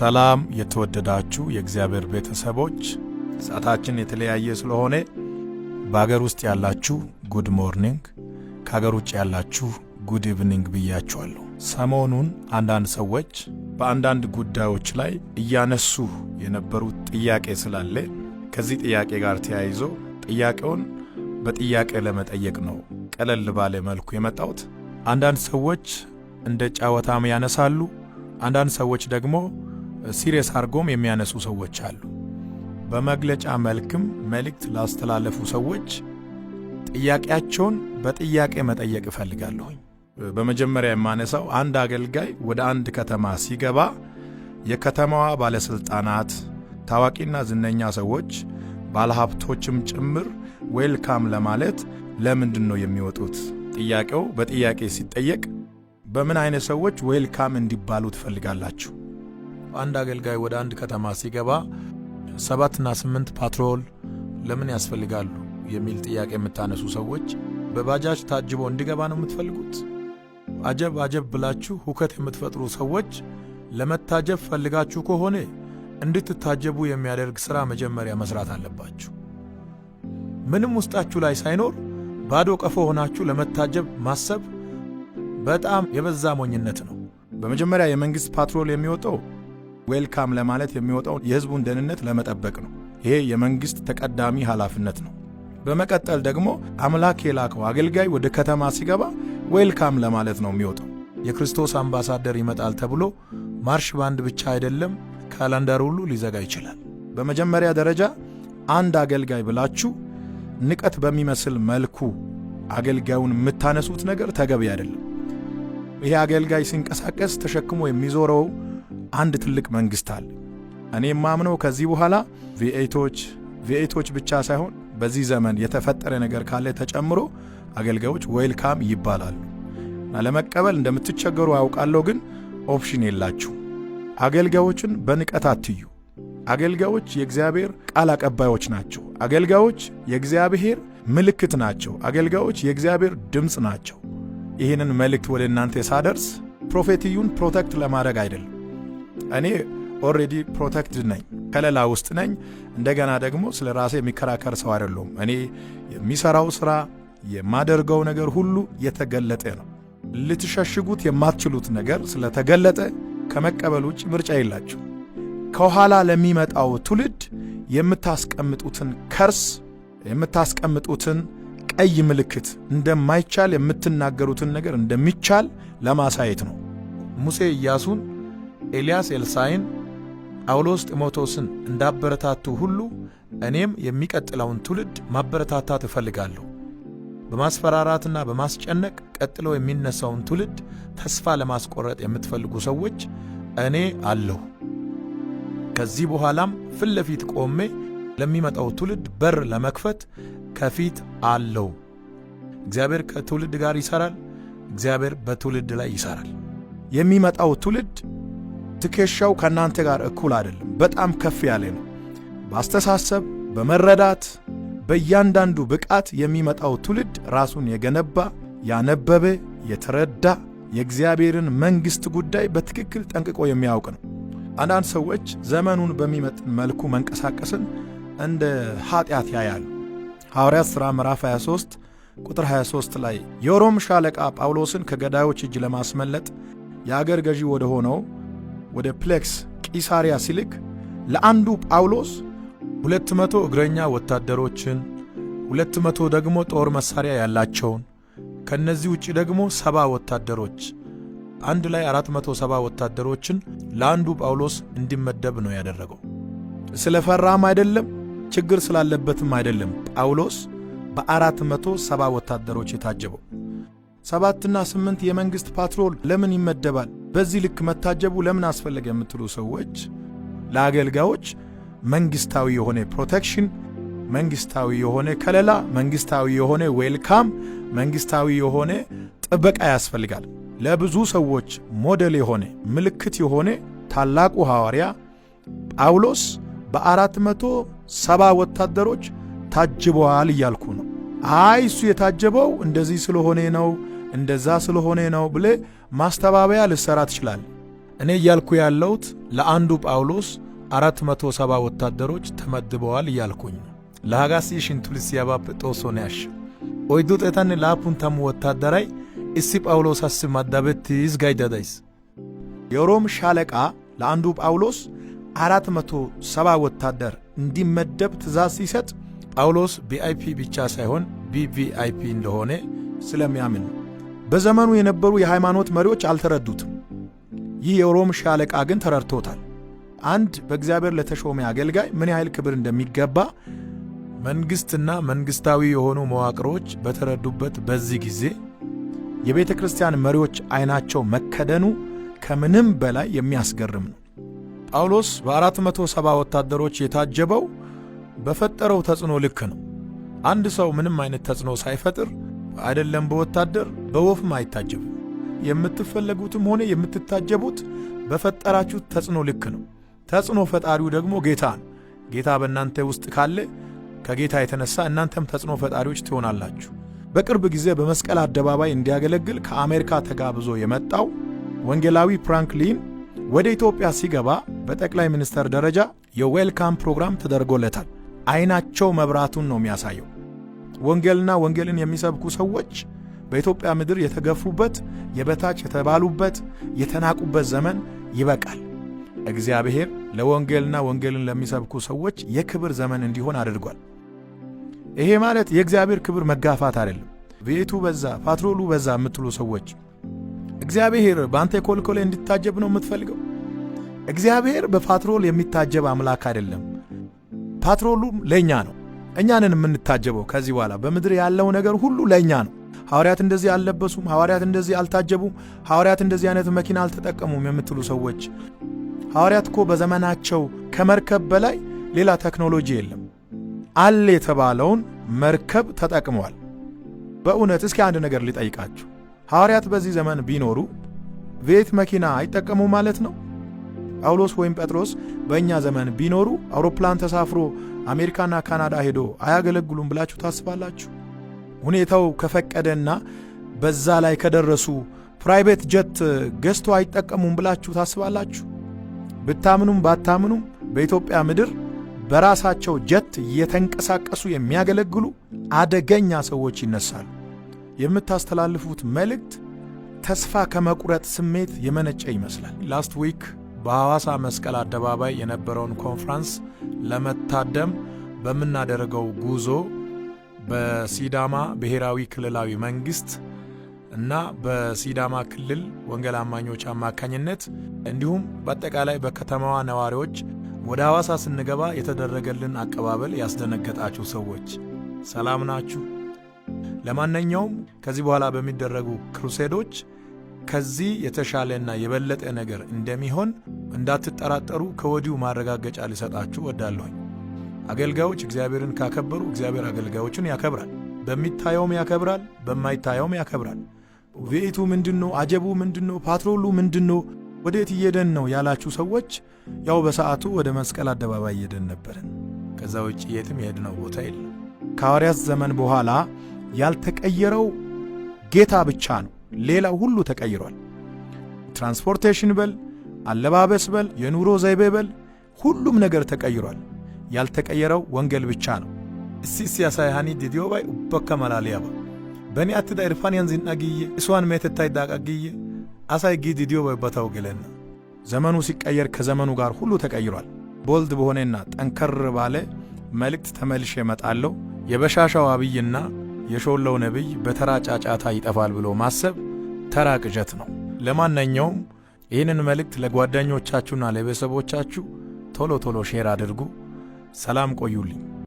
ሰላም የተወደዳችሁ የእግዚአብሔር ቤተሰቦች፣ ሰዓታችን የተለያየ ስለሆነ በአገር ውስጥ ያላችሁ ጉድ ሞርኒንግ፣ ከአገር ውጭ ያላችሁ ጉድ ኢቭኒንግ ብያችኋለሁ። ሰሞኑን አንዳንድ ሰዎች በአንዳንድ ጉዳዮች ላይ እያነሱ የነበሩት ጥያቄ ስላለ ከዚህ ጥያቄ ጋር ተያይዞ ጥያቄውን በጥያቄ ለመጠየቅ ነው ቀለል ባለ መልኩ የመጣሁት። አንዳንድ ሰዎች እንደ ጨዋታም ያነሳሉ፣ አንዳንድ ሰዎች ደግሞ ሲሪየስ አድርጎም የሚያነሱ ሰዎች አሉ። በመግለጫ መልክም መልእክት ላስተላለፉ ሰዎች ጥያቄያቸውን በጥያቄ መጠየቅ እፈልጋለሁኝ። በመጀመሪያ የማነሳው አንድ አገልጋይ ወደ አንድ ከተማ ሲገባ የከተማዋ ባለሥልጣናት፣ ታዋቂና ዝነኛ ሰዎች፣ ባለሀብቶችም ጭምር ዌልካም ለማለት ለምንድን ነው የሚወጡት? ጥያቄው በጥያቄ ሲጠየቅ በምን አይነት ሰዎች ዌልካም እንዲባሉ ትፈልጋላችሁ? አንድ አገልጋይ ወደ አንድ ከተማ ሲገባ ሰባትና ስምንት ፓትሮል ለምን ያስፈልጋሉ የሚል ጥያቄ የምታነሱ ሰዎች በባጃጅ ታጅቦ እንዲገባ ነው የምትፈልጉት? አጀብ አጀብ ብላችሁ ሁከት የምትፈጥሩ ሰዎች ለመታጀብ ፈልጋችሁ ከሆነ እንድትታጀቡ የሚያደርግ ሥራ መጀመሪያ መሥራት አለባችሁ። ምንም ውስጣችሁ ላይ ሳይኖር ባዶ ቀፎ ሆናችሁ ለመታጀብ ማሰብ በጣም የበዛ ሞኝነት ነው። በመጀመሪያ የመንግሥት ፓትሮል የሚወጣው ዌልካም ለማለት የሚወጣው የህዝቡን ደህንነት ለመጠበቅ ነው። ይሄ የመንግሥት ተቀዳሚ ኃላፊነት ነው። በመቀጠል ደግሞ አምላክ የላከው አገልጋይ ወደ ከተማ ሲገባ ዌልካም ለማለት ነው የሚወጣው። የክርስቶስ አምባሳደር ይመጣል ተብሎ ማርሽ ባንድ ብቻ አይደለም፣ ካላንደር ሁሉ ሊዘጋ ይችላል። በመጀመሪያ ደረጃ አንድ አገልጋይ ብላችሁ ንቀት በሚመስል መልኩ አገልጋዩን የምታነሱት ነገር ተገቢ አይደለም። ይሄ አገልጋይ ሲንቀሳቀስ ተሸክሞ የሚዞረው አንድ ትልቅ መንግሥት አለ። እኔ የማምነው ከዚህ በኋላ ቪኤቶች ቪኤቶች ብቻ ሳይሆን በዚህ ዘመን የተፈጠረ ነገር ካለ ተጨምሮ አገልጋዮች ዌልካም ይባላሉ። ለመቀበል እንደምትቸገሩ አውቃለሁ፣ ግን ኦፕሽን የላችሁ። አገልጋዮችን በንቀት አትዩ። አገልጋዮች የእግዚአብሔር ቃል አቀባዮች ናቸው። አገልጋዮች የእግዚአብሔር ምልክት ናቸው። አገልጋዮች የእግዚአብሔር ድምፅ ናቸው። ይህንን መልእክት ወደ እናንተ ሳደርስ ፕሮፌትዩን ፕሮቴክት ለማድረግ አይደለም። እኔ ኦሬዲ ፕሮቴክትድ ነኝ፣ ከለላ ውስጥ ነኝ። እንደገና ደግሞ ስለ ራሴ የሚከራከር ሰው አይደለሁም። እኔ የሚሰራው ስራ የማደርገው ነገር ሁሉ የተገለጠ ነው። ልትሸሽጉት የማትችሉት ነገር ስለተገለጠ ከመቀበል ውጭ ምርጫ የላችሁ። ከኋላ ለሚመጣው ትውልድ የምታስቀምጡትን ከርስ የምታስቀምጡትን ቀይ ምልክት እንደማይቻል የምትናገሩትን ነገር እንደሚቻል ለማሳየት ነው። ሙሴ ኢያሱን ኤልያስ ኤልሳይን፣ ጳውሎስ ጢሞቴዎስን እንዳበረታቱ ሁሉ እኔም የሚቀጥለውን ትውልድ ማበረታታት እፈልጋለሁ። በማስፈራራትና በማስጨነቅ ቀጥለው የሚነሳውን ትውልድ ተስፋ ለማስቆረጥ የምትፈልጉ ሰዎች እኔ አለሁ። ከዚህ በኋላም ፊት ለፊት ቆሜ ለሚመጣው ትውልድ በር ለመክፈት ከፊት አለው። እግዚአብሔር ከትውልድ ጋር ይሠራል። እግዚአብሔር በትውልድ ላይ ይሠራል። የሚመጣው ትውልድ ትከሻው ከእናንተ ጋር እኩል አይደለም፣ በጣም ከፍ ያለ ነው። በአስተሳሰብ በመረዳት በእያንዳንዱ ብቃት የሚመጣው ትውልድ ራሱን የገነባ ያነበበ፣ የተረዳ የእግዚአብሔርን መንግሥት ጉዳይ በትክክል ጠንቅቆ የሚያውቅ ነው። አንዳንድ ሰዎች ዘመኑን በሚመጥን መልኩ መንቀሳቀስን እንደ ኃጢአት ያያሉ። ሐዋርያት ሥራ ምዕራፍ 23 ቁጥር 23 ላይ የሮም ሻለቃ ጳውሎስን ከገዳዮች እጅ ለማስመለጥ የአገር ገዢ ወደ ሆነው ወደ ፕሌክስ ቂሳሪያ ሲልክ ለአንዱ ጳውሎስ ሁለት መቶ እግረኛ ወታደሮችን ሁለት መቶ ደግሞ ጦር መሳሪያ ያላቸውን ከእነዚህ ውጭ ደግሞ ሰባ ወታደሮች አንድ ላይ አራት መቶ ሰባ ወታደሮችን ለአንዱ ጳውሎስ እንዲመደብ ነው ያደረገው። ስለፈራም አይደለም ችግር ስላለበትም አይደለም። ጳውሎስ በአራት መቶ ሰባ ወታደሮች የታጀበው ሰባትና ስምንት የመንግሥት ፓትሮል ለምን ይመደባል? በዚህ ልክ መታጀቡ ለምን አስፈለገ የምትሉ ሰዎች ለአገልጋዮች መንግስታዊ የሆነ ፕሮቴክሽን፣ መንግስታዊ የሆነ ከለላ፣ መንግስታዊ የሆነ ዌልካም፣ መንግስታዊ የሆነ ጥበቃ ያስፈልጋል። ለብዙ ሰዎች ሞዴል የሆነ ምልክት የሆነ ታላቁ ሐዋርያ ጳውሎስ በአራት መቶ ሰባ ወታደሮች ታጅበዋል እያልኩ ነው። አይ እሱ የታጀበው እንደዚህ ስለሆነ ነው እንደዛ ስለሆነ ነው ብለ ማስተባበያ ልሰራ ትችላል። እኔ እያልኩ ያለሁት ለአንዱ ጳውሎስ አራት መቶ ሰባ ወታደሮች ተመድበዋል እያልኩኝ ለሃጋሲ ሽንቱልስ ያባጵጦሶን ጦሶንያሽ ኦይዱ ጤታን ላፑን ተሙ ወታደራይ እሲ አስ ማዳበት ይዝጋይደዳይስ የሮም ሻለቃ ለአንዱ ጳውሎስ አራት መቶ ሰባ ወታደር እንዲመደብ ትእዛዝ ሲሰጥ ጳውሎስ ቢአይፒ ብቻ ሳይሆን ቢቪአይፒ እንደሆነ ስለሚያምን በዘመኑ የነበሩ የሃይማኖት መሪዎች አልተረዱትም። ይህ የሮም ሻለቃ ግን ተረድቶታል። አንድ በእግዚአብሔር ለተሾመ አገልጋይ ምን ያህል ክብር እንደሚገባ መንግሥትና መንግሥታዊ የሆኑ መዋቅሮች በተረዱበት በዚህ ጊዜ የቤተ ክርስቲያን መሪዎች ዐይናቸው መከደኑ ከምንም በላይ የሚያስገርም ነው። ጳውሎስ በአራት መቶ ሰባ ወታደሮች የታጀበው በፈጠረው ተጽዕኖ ልክ ነው። አንድ ሰው ምንም አይነት ተጽዕኖ ሳይፈጥር አይደለም በወታደር በወፍም አይታጀቡ። የምትፈለጉትም ሆነ የምትታጀቡት በፈጠራችሁ ተጽዕኖ ልክ ነው። ተጽዕኖ ፈጣሪው ደግሞ ጌታ ነው። ጌታ በእናንተ ውስጥ ካለ ከጌታ የተነሳ እናንተም ተጽዕኖ ፈጣሪዎች ትሆናላችሁ። በቅርብ ጊዜ በመስቀል አደባባይ እንዲያገለግል ከአሜሪካ ተጋብዞ የመጣው ወንጌላዊ ፍራንክሊን ወደ ኢትዮጵያ ሲገባ በጠቅላይ ሚኒስተር ደረጃ የዌልካም ፕሮግራም ተደርጎለታል። አይናቸው መብራቱን ነው የሚያሳየው። ወንጌልና ወንጌልን የሚሰብኩ ሰዎች በኢትዮጵያ ምድር የተገፉበት፣ የበታች የተባሉበት፣ የተናቁበት ዘመን ይበቃል። እግዚአብሔር ለወንጌልና ወንጌልን ለሚሰብኩ ሰዎች የክብር ዘመን እንዲሆን አድርጓል። ይሄ ማለት የእግዚአብሔር ክብር መጋፋት አይደለም። ቤቱ በዛ፣ ፓትሮሉ በዛ የምትሉ ሰዎች እግዚአብሔር በአንተ የኮልኮሌ እንዲታጀብ ነው የምትፈልገው? እግዚአብሔር በፓትሮል የሚታጀብ አምላክ አይደለም። ፓትሮሉም ለእኛ ነው። እኛንን የምንታጀበው ከዚህ በኋላ በምድር ያለው ነገር ሁሉ ለእኛ ነው። ሐዋርያት እንደዚህ አልለበሱም፣ ሐዋርያት እንደዚህ አልታጀቡም፣ ሐዋርያት እንደዚህ አይነት መኪና አልተጠቀሙም የምትሉ ሰዎች ሐዋርያት እኮ በዘመናቸው ከመርከብ በላይ ሌላ ቴክኖሎጂ የለም። አለ የተባለውን መርከብ ተጠቅመዋል። በእውነት እስኪ አንድ ነገር ሊጠይቃችሁ፣ ሐዋርያት በዚህ ዘመን ቢኖሩ ቤት መኪና አይጠቀሙ ማለት ነው? ጳውሎስ ወይም ጴጥሮስ በእኛ ዘመን ቢኖሩ አውሮፕላን ተሳፍሮ አሜሪካና ካናዳ ሄዶ አያገለግሉም ብላችሁ ታስባላችሁ? ሁኔታው ከፈቀደና በዛ ላይ ከደረሱ ፕራይቬት ጀት ገዝቶ አይጠቀሙም ብላችሁ ታስባላችሁ? ብታምኑም ባታምኑም በኢትዮጵያ ምድር በራሳቸው ጀት እየተንቀሳቀሱ የሚያገለግሉ አደገኛ ሰዎች ይነሳሉ። የምታስተላልፉት መልእክት ተስፋ ከመቁረጥ ስሜት የመነጨ ይመስላል። ላስት ዊክ በሐዋሳ መስቀል አደባባይ የነበረውን ኮንፍራንስ ለመታደም በምናደርገው ጉዞ በሲዳማ ብሔራዊ ክልላዊ መንግስት እና በሲዳማ ክልል ወንጌል አማኞች አማካኝነት እንዲሁም በአጠቃላይ በከተማዋ ነዋሪዎች ወደ ሐዋሳ ስንገባ የተደረገልን አቀባበል ያስደነገጣችሁ ሰዎች ሰላም ናችሁ። ለማንኛውም ከዚህ በኋላ በሚደረጉ ክሩሴዶች ከዚህ የተሻለና የበለጠ ነገር እንደሚሆን እንዳትጠራጠሩ ከወዲሁ ማረጋገጫ ልሰጣችሁ ወዳለሁኝ አገልጋዮች እግዚአብሔርን ካከበሩ እግዚአብሔር አገልጋዮችን ያከብራል። በሚታየውም ያከብራል፣ በማይታየውም ያከብራል። ቤቱ ምንድን ነው? አጀቡ ምንድን ነው? ፓትሮሉ ምንድን ነው? ወዴት እየደን ነው ያላችሁ ሰዎች፣ ያው በሰዓቱ ወደ መስቀል አደባባይ እየደን ነበርን። ከዛ ውጭ የትም የሄድነው ቦታ የለም። ከሐዋርያት ዘመን በኋላ ያልተቀየረው ጌታ ብቻ ነው። ሌላው ሁሉ ተቀይሯል። ትራንስፖርቴሽን በል፣ አለባበስ በል፣ የኑሮ ዘይቤ በል፣ ሁሉም ነገር ተቀይሯል። ያልተቀየረው ወንጌል ብቻ ነው። እስሲ ሲያሳይሃኒ ዲዲዮባይ ኡበከ ባ በእኔ አትዳ ኢርፋንያን ዝንአግዬ እሷን ሜትታይ ዳቃ ዳቃግዬ አሳይ ጊ ዲዲዮ ባይ በታው ግለና ዘመኑ ሲቀየር ከዘመኑ ጋር ሁሉ ተቀይሯል። ቦልድ በሆነና ጠንከር ባለ መልእክት ተመልሼ እመጣለሁ። የበሻሻው አብይና የሾለው ነቢይ በተራ ጫጫታ ይጠፋል ብሎ ማሰብ ተራ ቅዠት ነው። ለማንኛውም ይህንን መልእክት ለጓደኞቻችሁና ለቤተሰቦቻችሁ ቶሎ ቶሎ ሼር አድርጉ። ሰላም ቆዩልኝ።